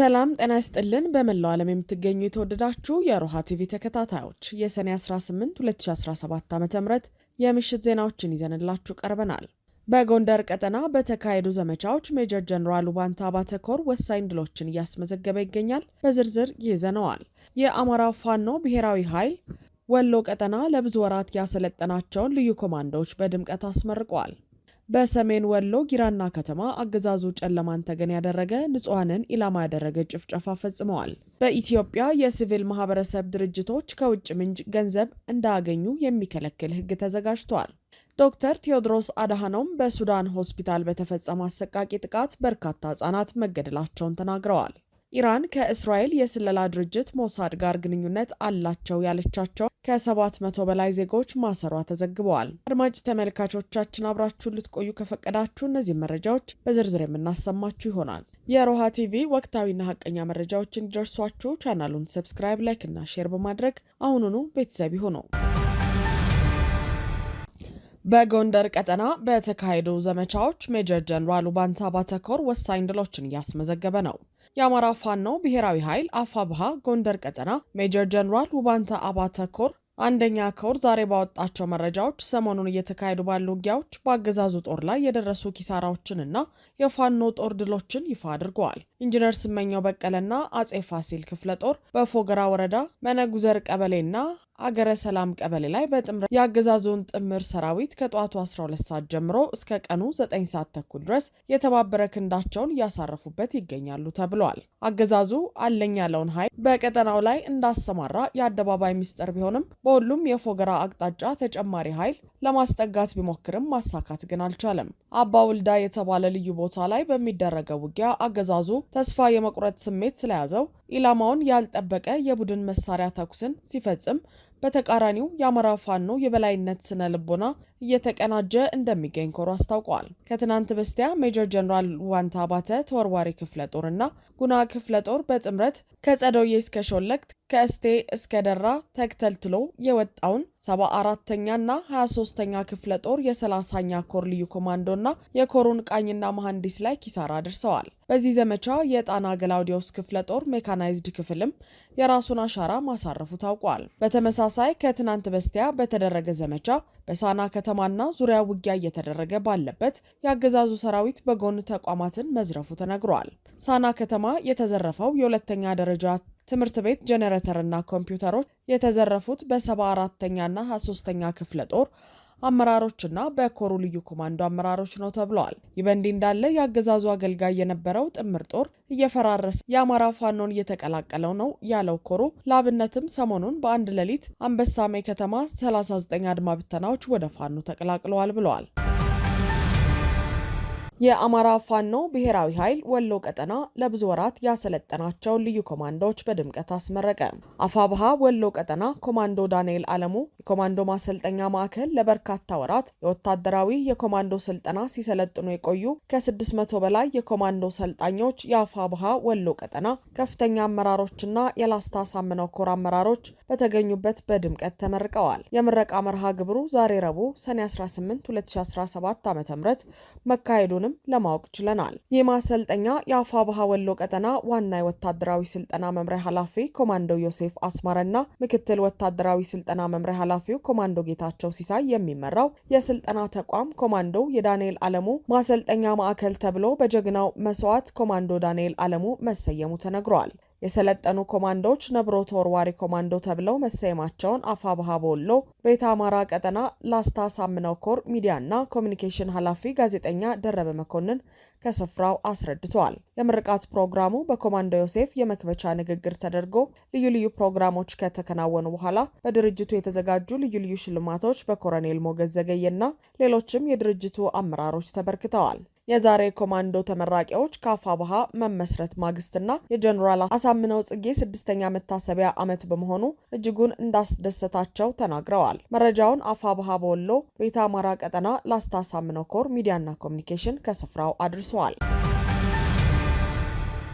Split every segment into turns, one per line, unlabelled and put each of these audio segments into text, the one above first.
ሰላም ጤና ይስጥልን። በመላው ዓለም የምትገኙ የተወደዳችሁ የሮሃ ቲቪ ተከታታዮች የሰኔ 18 2017 ም የምሽት ዜናዎችን ይዘንላችሁ ቀርበናል። በጎንደር ቀጠና በተካሄዱ ዘመቻዎች ሜጀር ጀኔራል ባንታ አባተ ኮር ወሳኝ ድሎችን እያስመዘገበ ይገኛል። በዝርዝር ይዘነዋል። የአማራ ፋኖ ብሔራዊ ኃይል ወሎ ቀጠና ለብዙ ወራት ያሰለጠናቸውን ልዩ ኮማንዶዎች በድምቀት አስመርቀዋል። በሰሜን ወሎ ጊራና ከተማ አገዛዙ ጨለማን ተገን ያደረገ ንጹሐንን ኢላማ ያደረገ ጭፍጨፋ ፈጽመዋል። በኢትዮጵያ የሲቪል ማህበረሰብ ድርጅቶች ከውጭ ምንጭ ገንዘብ እንዳያገኙ የሚከለክል ሕግ ተዘጋጅቷል። ዶክተር ቴዎድሮስ አድሃኖም በሱዳን ሆስፒታል በተፈጸመ አሰቃቂ ጥቃት በርካታ ህጻናት መገደላቸውን ተናግረዋል። ኢራን ከእስራኤል የስለላ ድርጅት ሞሳድ ጋር ግንኙነት አላቸው ያለቻቸው ከሰባት መቶ በላይ ዜጎች ማሰሯ ተዘግበዋል። አድማጭ ተመልካቾቻችን አብራችሁን ልትቆዩ ከፈቀዳችሁ እነዚህ መረጃዎች በዝርዝር የምናሰማችሁ ይሆናል። የሮሃ ቲቪ ወቅታዊና ሀቀኛ መረጃዎች እንዲደርሷችሁ ቻናሉን ሰብስክራይብ፣ ላይክ እና ሼር በማድረግ አሁኑኑ ቤተሰብ ይሁኑ። በጎንደር ቀጠና በተካሄዱ ዘመቻዎች ሜጀር ጀኔራሉ ባንታ ባተኮር ወሳኝ ድሎችን እያስመዘገበ ነው። የአማራ ፋኖ ብሔራዊ ኃይል አፋብሃ ጎንደር ቀጠና ሜጀር ጀኔራል ውባንተ አባተ ኮር አንደኛ ኮር ዛሬ ባወጣቸው መረጃዎች ሰሞኑን እየተካሄዱ ባሉ ውጊያዎች በአገዛዙ ጦር ላይ የደረሱ ኪሳራዎችንና የፋኖ ጦር ድሎችን ይፋ አድርገዋል። ኢንጂነር ስመኘው በቀለና አጼ ፋሲል ክፍለ ጦር በፎገራ ወረዳ መነጉዘር ቀበሌና አገረ ሰላም ቀበሌ ላይ በጥምረት የአገዛዙን ጥምር ሰራዊት ከጠዋቱ 12 ሰዓት ጀምሮ እስከ ቀኑ 9 ሰዓት ተኩል ድረስ የተባበረ ክንዳቸውን እያሳረፉበት ይገኛሉ ተብሏል። አገዛዙ አለኝ ያለውን ኃይል በቀጠናው ላይ እንዳሰማራ የአደባባይ ሚስጥር ቢሆንም በሁሉም የፎገራ አቅጣጫ ተጨማሪ ኃይል ለማስጠጋት ቢሞክርም ማሳካት ግን አልቻለም። አባ ውልዳ የተባለ ልዩ ቦታ ላይ በሚደረገው ውጊያ አገዛዙ ተስፋ የመቁረጥ ስሜት ስለያዘው ኢላማውን ያልጠበቀ የቡድን መሳሪያ ተኩስን ሲፈጽም በተቃራኒው የአማራ ፋኖ የበላይነት ስነ ልቦና እየተቀናጀ እንደሚገኝ ኮሮ አስታውቋል። ከትናንት በስቲያ ሜጀር ጀኔራል ዋንታ አባተ ተወርዋሪ ክፍለ ጦር እና ጉና ክፍለ ጦር በጥምረት ከጸደውዬ እስከ ሾለክት ከእስቴ እስከ ደራ ተክተልትሎ የወጣውን ሰባ አራተኛ ና 23 ሶስተኛ ክፍለ ጦር የሰላሳኛ ኮር ልዩ ኮማንዶና የኮሩን ቃኝና መሐንዲስ ላይ ኪሳራ አድርሰዋል። በዚህ ዘመቻ የጣና ገላውዲዮስ ክፍለ ጦር ሜካናይዝድ ክፍልም የራሱን አሻራ ማሳረፉ ታውቋል። በተመሳሳይ ከትናንት በስቲያ በተደረገ ዘመቻ በሳና ከተማና ዙሪያ ውጊያ እየተደረገ ባለበት የአገዛዙ ሰራዊት በጎን ተቋማትን መዝረፉ ተነግሯል። ሳና ከተማ የተዘረፈው የሁለተኛ ደረጃ ትምህርት ቤት ጄኔሬተርና ኮምፒውተሮች የተዘረፉት በሰባ አራተኛና ሀያ ሶስተኛ ክፍለ ጦር አመራሮችና በኮሩ ልዩ ኮማንዶ አመራሮች ነው ተብለዋል። ይህ በእንዲህ እንዳለ የአገዛዙ አገልጋይ የነበረው ጥምር ጦር እየፈራረሰ የአማራ ፋኖን እየተቀላቀለው ነው ያለው ኮሩ ለአብነትም ሰሞኑን በአንድ ሌሊት አንበሳሜ ከተማ 39 አድማ ብተናዎች ወደ ፋኖ ተቀላቅለዋል ብለዋል። የአማራ ፋኖ ብሔራዊ ኃይል ወሎ ቀጠና ለብዙ ወራት ያሰለጠናቸው ልዩ ኮማንዶዎች በድምቀት አስመረቀ። አፋብሃ ወሎ ቀጠና ኮማንዶ ዳንኤል አለሙ የኮማንዶ ማሰልጠኛ ማዕከል ለበርካታ ወራት የወታደራዊ የኮማንዶ ስልጠና ሲሰለጥኑ የቆዩ ከ600 በላይ የኮማንዶ ሰልጣኞች የአፋብሃ ወሎ ቀጠና ከፍተኛ አመራሮችና የላስታ ሳምነው ኮር አመራሮች በተገኙበት በድምቀት ተመርቀዋል። የምረቃ መርሃ ግብሩ ዛሬ ረቡዕ ሰኔ 18 2017 ዓ ም መካሄዱንም መሆኑንም ለማወቅ ችለናል። ይህ ማሰልጠኛ የአፋ ባህ ወሎ ቀጠና ዋና የወታደራዊ ስልጠና መምሪያ ኃላፊ ኮማንዶ ዮሴፍ አስማረና ምክትል ወታደራዊ ስልጠና መምሪያ ኃላፊው ኮማንዶ ጌታቸው ሲሳይ የሚመራው የስልጠና ተቋም ኮማንዶ የዳንኤል አለሙ ማሰልጠኛ ማዕከል ተብሎ በጀግናው መስዋዕት ኮማንዶ ዳንኤል አለሙ መሰየሙ ተነግሯል። የሰለጠኑ ኮማንዶዎች ነብሮ ተወርዋሪ ኮማንዶ ተብለው መሰየማቸውን አፋብሃ በወሎ ቤተ አማራ ቀጠና ላስታ ሳምነው ኮር ሚዲያና ኮሚኒኬሽን ኃላፊ ጋዜጠኛ ደረበ መኮንን ከስፍራው አስረድተዋል። የምርቃት ፕሮግራሙ በኮማንዶ ዮሴፍ የመክበቻ ንግግር ተደርጎ ልዩ ልዩ ፕሮግራሞች ከተከናወኑ በኋላ በድርጅቱ የተዘጋጁ ልዩ ልዩ ሽልማቶች በኮረኔል ሞገዝ ዘገየና ሌሎችም የድርጅቱ አመራሮች ተበርክተዋል። የዛሬ ኮማንዶ ተመራቂዎች ባሃ መመስረት ማግስትና የጀኔራል አሳምነው ጽጌ ስድስተኛ መታሰቢያ ዓመት በመሆኑ እጅጉን እንዳስደሰታቸው ተናግረዋል። መረጃውን ባሃ በወሎ ቤተ አማራ ቀጠና ላስታ አሳምነው ኮር ሚዲያና ኮሚኒኬሽን ከስፍራው አድርሰዋል።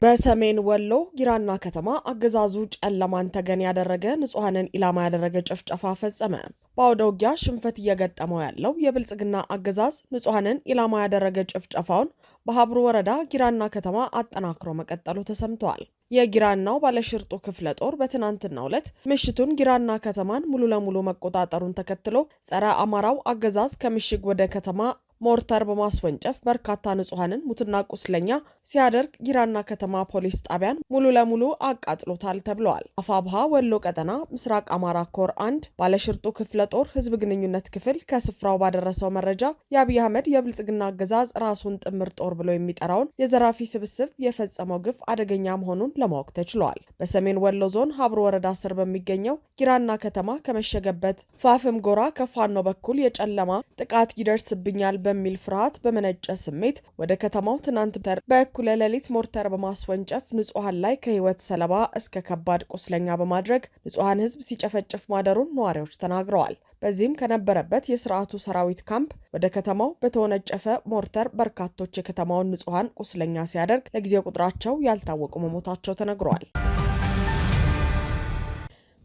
በሰሜን ወሎ ጊራና ከተማ አገዛዙ ጨለማን ተገን ያደረገ ንጹሐንን ኢላማ ያደረገ ጭፍጨፋ ፈጸመ። በአውደ ውጊያ ሽንፈት እየገጠመው ያለው የብልጽግና አገዛዝ ንጹሐንን ኢላማ ያደረገ ጭፍጨፋውን በሀብሩ ወረዳ ጊራና ከተማ አጠናክሮ መቀጠሉ ተሰምተዋል። የጊራናው ባለሽርጡ ክፍለ ጦር በትናንትናው ዕለት ምሽቱን ጊራና ከተማን ሙሉ ለሙሉ መቆጣጠሩን ተከትሎ ጸረ አማራው አገዛዝ ከምሽግ ወደ ከተማ ሞርተር በማስወንጨፍ በርካታ ንጹሐንን ሙትና ቁስለኛ ሲያደርግ ጊራና ከተማ ፖሊስ ጣቢያን ሙሉ ለሙሉ አቃጥሎታል ተብለዋል። አፋብሃ ወሎ ቀጠና ምስራቅ አማራ ኮር አንድ ባለሽርጡ ክፍለ ጦር ህዝብ ግንኙነት ክፍል ከስፍራው ባደረሰው መረጃ የአብይ አህመድ የብልጽግና አገዛዝ ራሱን ጥምር ጦር ብሎ የሚጠራውን የዘራፊ ስብስብ የፈጸመው ግፍ አደገኛ መሆኑን ለማወቅ ተችሏል። በሰሜን ወሎ ዞን ሀብሮ ወረዳ ስር በሚገኘው ጊራና ከተማ ከመሸገበት ፋፍም ጎራ ከፋኖ በኩል የጨለማ ጥቃት ይደርስብኛል በሚል ፍርሃት በመነጨ ስሜት ወደ ከተማው ትናንት በእኩለ ሌሊት ሞርተር በማስወንጨፍ ንጹሐን ላይ ከህይወት ሰለባ እስከ ከባድ ቁስለኛ በማድረግ ንጹሐን ህዝብ ሲጨፈጭፍ ማደሩን ነዋሪዎች ተናግረዋል። በዚህም ከነበረበት የስርዓቱ ሰራዊት ካምፕ ወደ ከተማው በተወነጨፈ ሞርተር በርካቶች የከተማውን ንጹሐን ቁስለኛ ሲያደርግ ለጊዜው ቁጥራቸው ያልታወቁ መሞታቸው ተነግረዋል።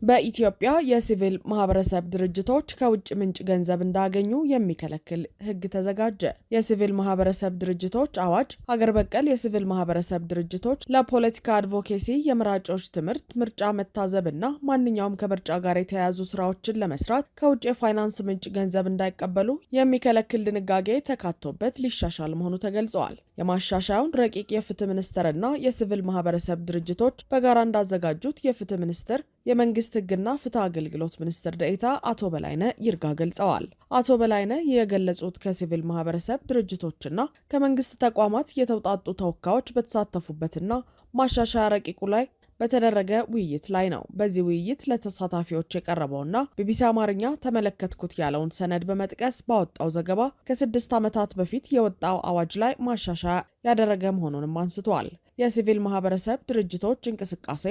በኢትዮጵያ የሲቪል ማህበረሰብ ድርጅቶች ከውጭ ምንጭ ገንዘብ እንዳገኙ የሚከለክል ህግ ተዘጋጀ። የሲቪል ማህበረሰብ ድርጅቶች አዋጅ ሀገር በቀል የሲቪል ማህበረሰብ ድርጅቶች ለፖለቲካ አድቮኬሲ፣ የምራጮች ትምህርት፣ ምርጫ መታዘብ እና ማንኛውም ከምርጫ ጋር የተያያዙ ስራዎችን ለመስራት ከውጭ የፋይናንስ ምንጭ ገንዘብ እንዳይቀበሉ የሚከለክል ድንጋጌ ተካቶበት ሊሻሻል መሆኑ ተገልጸዋል። የማሻሻያውን ረቂቅ የፍትህ ሚኒስቴርና የሲቪል ማህበረሰብ ድርጅቶች በጋራ እንዳዘጋጁት የፍትህ ሚኒስቴር የመንግስት ህግና ፍትህ አገልግሎት ሚኒስትር ደኤታ አቶ በላይነ ይርጋ ገልጸዋል። አቶ በላይነ የገለጹት ከሲቪል ማህበረሰብ ድርጅቶችና ከመንግስት ተቋማት የተውጣጡ ተወካዮች በተሳተፉበትና ማሻሻያ ረቂቁ ላይ በተደረገ ውይይት ላይ ነው። በዚህ ውይይት ለተሳታፊዎች የቀረበውና ቢቢሲ አማርኛ ተመለከትኩት ያለውን ሰነድ በመጥቀስ ባወጣው ዘገባ ከስድስት ዓመታት በፊት የወጣው አዋጅ ላይ ማሻሻያ ያደረገ መሆኑንም አንስቷል። የሲቪል ማህበረሰብ ድርጅቶች እንቅስቃሴ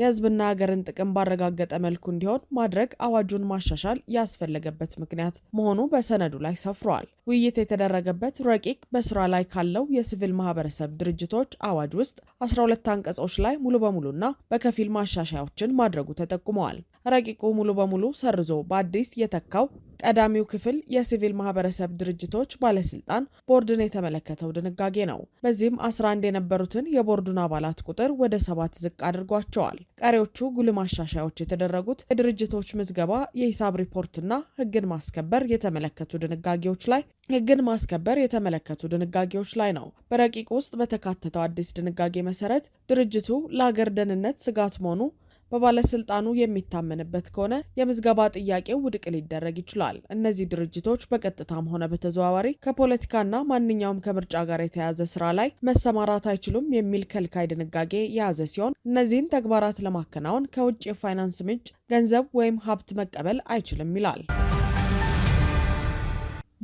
የህዝብና ሀገርን ጥቅም ባረጋገጠ መልኩ እንዲሆን ማድረግ አዋጁን ማሻሻል ያስፈለገበት ምክንያት መሆኑ በሰነዱ ላይ ሰፍሯል። ውይይት የተደረገበት ረቂቅ በስራ ላይ ካለው የሲቪል ማህበረሰብ ድርጅቶች አዋጅ ውስጥ 12 አንቀጾች ላይ ሙሉ በሙሉና በከፊል ማሻሻያዎችን ማድረጉ ተጠቁመዋል። ረቂቁ ሙሉ በሙሉ ሰርዞ በአዲስ የተካው ቀዳሚው ክፍል የሲቪል ማህበረሰብ ድርጅቶች ባለስልጣን ቦርድን የተመለከተው ድንጋጌ ነው። በዚህም 11 የነበሩትን የቦርዱን አባላት ቁጥር ወደ ሰባት ዝቅ አድርጓቸዋል። ቀሪዎቹ ጉል ማሻሻያዎች የተደረጉት የድርጅቶች ምዝገባ፣ የሂሳብ ሪፖርትና ህግን ማስከበር የተመለከቱ ድንጋጌዎች ላይ ህግን ማስከበር የተመለከቱ ድንጋጌዎች ላይ ነው። በረቂቅ ውስጥ በተካተተው አዲስ ድንጋጌ መሰረት ድርጅቱ ለአገር ደህንነት ስጋት መሆኑ በባለስልጣኑ የሚታመንበት ከሆነ የምዝገባ ጥያቄው ውድቅ ሊደረግ ይችላል። እነዚህ ድርጅቶች በቀጥታም ሆነ በተዘዋዋሪ ከፖለቲካና ማንኛውም ከምርጫ ጋር የተያዘ ስራ ላይ መሰማራት አይችሉም የሚል ከልካይ ድንጋጌ የያዘ ሲሆን እነዚህን ተግባራት ለማከናወን ከውጭ የፋይናንስ ምንጭ ገንዘብ ወይም ሀብት መቀበል አይችልም ይላል።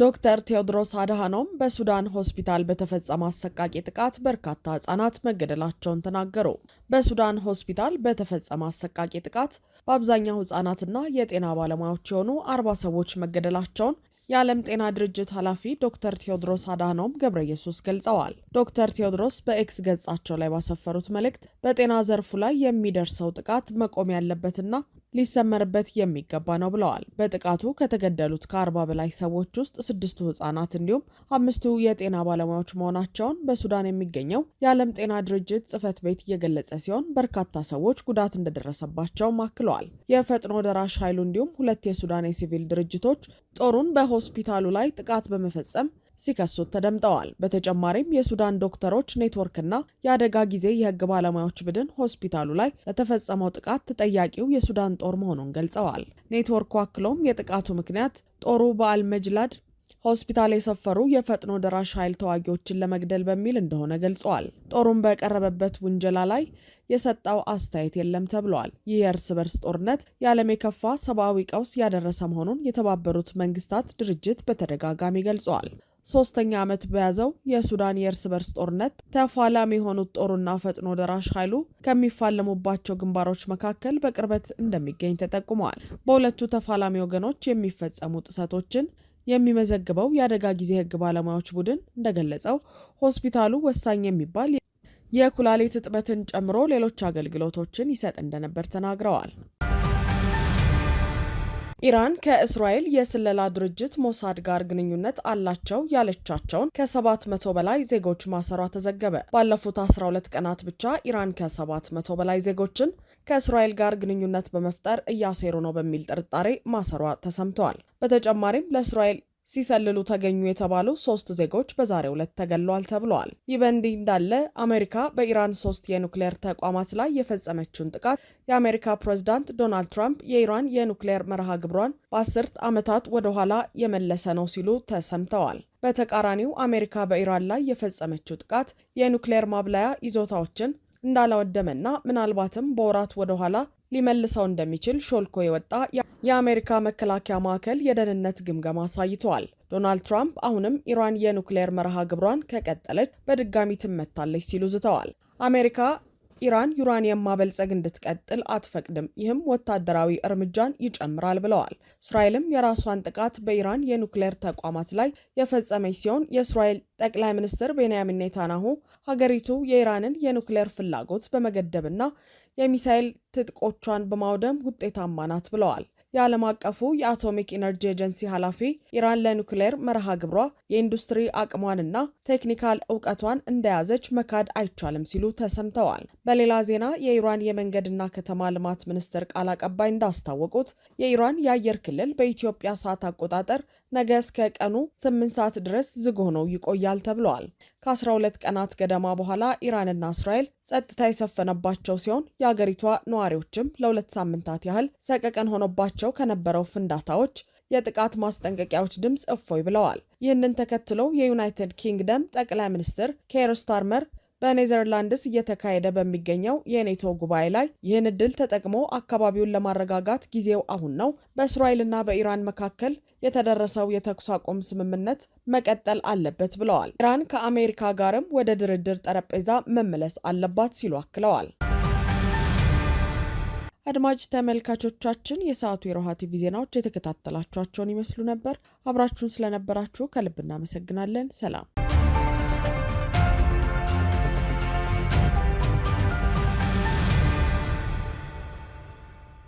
ዶክተር ቴዎድሮስ አድሃኖም በሱዳን ሆስፒታል በተፈጸመ አሰቃቂ ጥቃት በርካታ ህጻናት መገደላቸውን ተናገሩ። በሱዳን ሆስፒታል በተፈጸመ አሰቃቂ ጥቃት በአብዛኛው ህጻናትና የጤና ባለሙያዎች የሆኑ አርባ ሰዎች መገደላቸውን የዓለም ጤና ድርጅት ኃላፊ ዶክተር ቴዎድሮስ አድሃኖም ገብረ ኢየሱስ ገልጸዋል። ዶክተር ቴዎድሮስ በኤክስ ገጻቸው ላይ ባሰፈሩት መልእክት በጤና ዘርፉ ላይ የሚደርሰው ጥቃት መቆም ያለበትና ሊሰመርበት የሚገባ ነው ብለዋል። በጥቃቱ ከተገደሉት ከአርባ በላይ ሰዎች ውስጥ ስድስቱ ህጻናት እንዲሁም አምስቱ የጤና ባለሙያዎች መሆናቸውን በሱዳን የሚገኘው የዓለም ጤና ድርጅት ጽህፈት ቤት እየገለጸ ሲሆን በርካታ ሰዎች ጉዳት እንደደረሰባቸውም አክለዋል። የፈጥኖ ደራሽ ኃይሉ እንዲሁም ሁለት የሱዳን የሲቪል ድርጅቶች ጦሩን በሆስፒታሉ ላይ ጥቃት በመፈጸም ሲከሱት ተደምጠዋል። በተጨማሪም የሱዳን ዶክተሮች ኔትወርክና የአደጋ ጊዜ የህግ ባለሙያዎች ቡድን ሆስፒታሉ ላይ ለተፈጸመው ጥቃት ተጠያቂው የሱዳን ጦር መሆኑን ገልጸዋል። ኔትወርኩ አክሎም የጥቃቱ ምክንያት ጦሩ በአልመጅላድ ሆስፒታል የሰፈሩ የፈጥኖ ደራሽ ኃይል ተዋጊዎችን ለመግደል በሚል እንደሆነ ገልጸዋል። ጦሩን በቀረበበት ውንጀላ ላይ የሰጠው አስተያየት የለም ተብሏል። ይህ የእርስ በርስ ጦርነት የዓለም የከፋ ሰብአዊ ቀውስ ያደረሰ መሆኑን የተባበሩት መንግስታት ድርጅት በተደጋጋሚ ገልጿል። ሶስተኛ ዓመት በያዘው የሱዳን የእርስ በርስ ጦርነት ተፋላሚ የሆኑት ጦሩና ፈጥኖ ደራሽ ኃይሉ ከሚፋለሙባቸው ግንባሮች መካከል በቅርበት እንደሚገኝ ተጠቁመዋል። በሁለቱ ተፋላሚ ወገኖች የሚፈጸሙ ጥሰቶችን የሚመዘግበው የአደጋ ጊዜ ሕግ ባለሙያዎች ቡድን እንደገለጸው ሆስፒታሉ ወሳኝ የሚባል የኩላሊት እጥበትን ጨምሮ ሌሎች አገልግሎቶችን ይሰጥ እንደነበር ተናግረዋል። ኢራን ከእስራኤል የስለላ ድርጅት ሞሳድ ጋር ግንኙነት አላቸው ያለቻቸውን ከሰባት መቶ በላይ ዜጎች ማሰሯ ተዘገበ። ባለፉት 12 ቀናት ብቻ ኢራን ከ መቶ በላይ ዜጎችን ከእስራኤል ጋር ግንኙነት በመፍጠር እያሴሩ ነው በሚል ጥርጣሬ ማሰሯ ተሰምተዋል። በተጨማሪም ለእስራኤል ሲሰልሉ ተገኙ የተባሉ ሶስት ዜጎች በዛሬው ዕለት ተገለዋል ተብለዋል። ይህ በእንዲህ እንዳለ አሜሪካ በኢራን ሶስት የኑክሌር ተቋማት ላይ የፈጸመችውን ጥቃት የአሜሪካ ፕሬዝዳንት ዶናልድ ትራምፕ የኢራን የኑክሌር መርሃ ግብሯን በአስርት ዓመታት ወደኋላ የመለሰ ነው ሲሉ ተሰምተዋል። በተቃራኒው አሜሪካ በኢራን ላይ የፈጸመችው ጥቃት የኑክሌር ማብላያ ይዞታዎችን እንዳላወደመና ምናልባትም በወራት ወደኋላ ሊመልሰው እንደሚችል ሾልኮ የወጣ የአሜሪካ መከላከያ ማዕከል የደህንነት ግምገማ አሳይተዋል። ዶናልድ ትራምፕ አሁንም ኢራን የኑክሌር መርሃ ግብሯን ከቀጠለች በድጋሚ ትመታለች ሲሉ ዝተዋል። አሜሪካ ኢራን ዩራኒየም ማበልጸግ እንድትቀጥል አትፈቅድም፣ ይህም ወታደራዊ እርምጃን ይጨምራል ብለዋል። እስራኤልም የራሷን ጥቃት በኢራን የኑክሌር ተቋማት ላይ የፈጸመች ሲሆን የእስራኤል ጠቅላይ ሚኒስትር ቤንያሚን ኔታናሁ። ሀገሪቱ የኢራንን የኑክሌር ፍላጎት በመገደብና የሚሳይል ትጥቆቿን በማውደም ውጤታማ ናት ብለዋል። የዓለም አቀፉ የአቶሚክ ኢነርጂ ኤጀንሲ ኃላፊ ኢራን ለኒውክሌር መርሃ ግብሯ የኢንዱስትሪ አቅሟንና ቴክኒካል እውቀቷን እንደያዘች መካድ አይቻልም ሲሉ ተሰምተዋል። በሌላ ዜና የኢራን የመንገድና ከተማ ልማት ሚኒስቴር ቃል አቀባይ እንዳስታወቁት የኢራን የአየር ክልል በኢትዮጵያ ሰዓት አቆጣጠር ነገ እስከ ቀኑ 8 ሰዓት ድረስ ዝግ ሆኖ ይቆያል ተብለዋል። ከ12 ቀናት ገደማ በኋላ ኢራንና እስራኤል ጸጥታ የሰፈነባቸው ሲሆን የአገሪቷ ነዋሪዎችም ለሁለት ሳምንታት ያህል ሰቀቀን ሆኖባቸው ከነበረው ፍንዳታዎች የጥቃት ማስጠንቀቂያዎች ድምፅ እፎይ ብለዋል። ይህንን ተከትሎ የዩናይትድ ኪንግደም ጠቅላይ ሚኒስትር ኬር ስታርመር በኔዘርላንድስ እየተካሄደ በሚገኘው የኔቶ ጉባኤ ላይ ይህን እድል ተጠቅሞ አካባቢውን ለማረጋጋት ጊዜው አሁን ነው፣ በእስራኤልና በኢራን መካከል የተደረሰው የተኩስ አቁም ስምምነት መቀጠል አለበት ብለዋል። ኢራን ከአሜሪካ ጋርም ወደ ድርድር ጠረጴዛ መመለስ አለባት ሲሉ አክለዋል። አድማጭ ተመልካቾቻችን የሰዓቱ የሮሃ ቲቪ ዜናዎች የተከታተላችኋቸውን ይመስሉ ነበር። አብራችሁን ስለነበራችሁ ከልብ እናመሰግናለን። ሰላም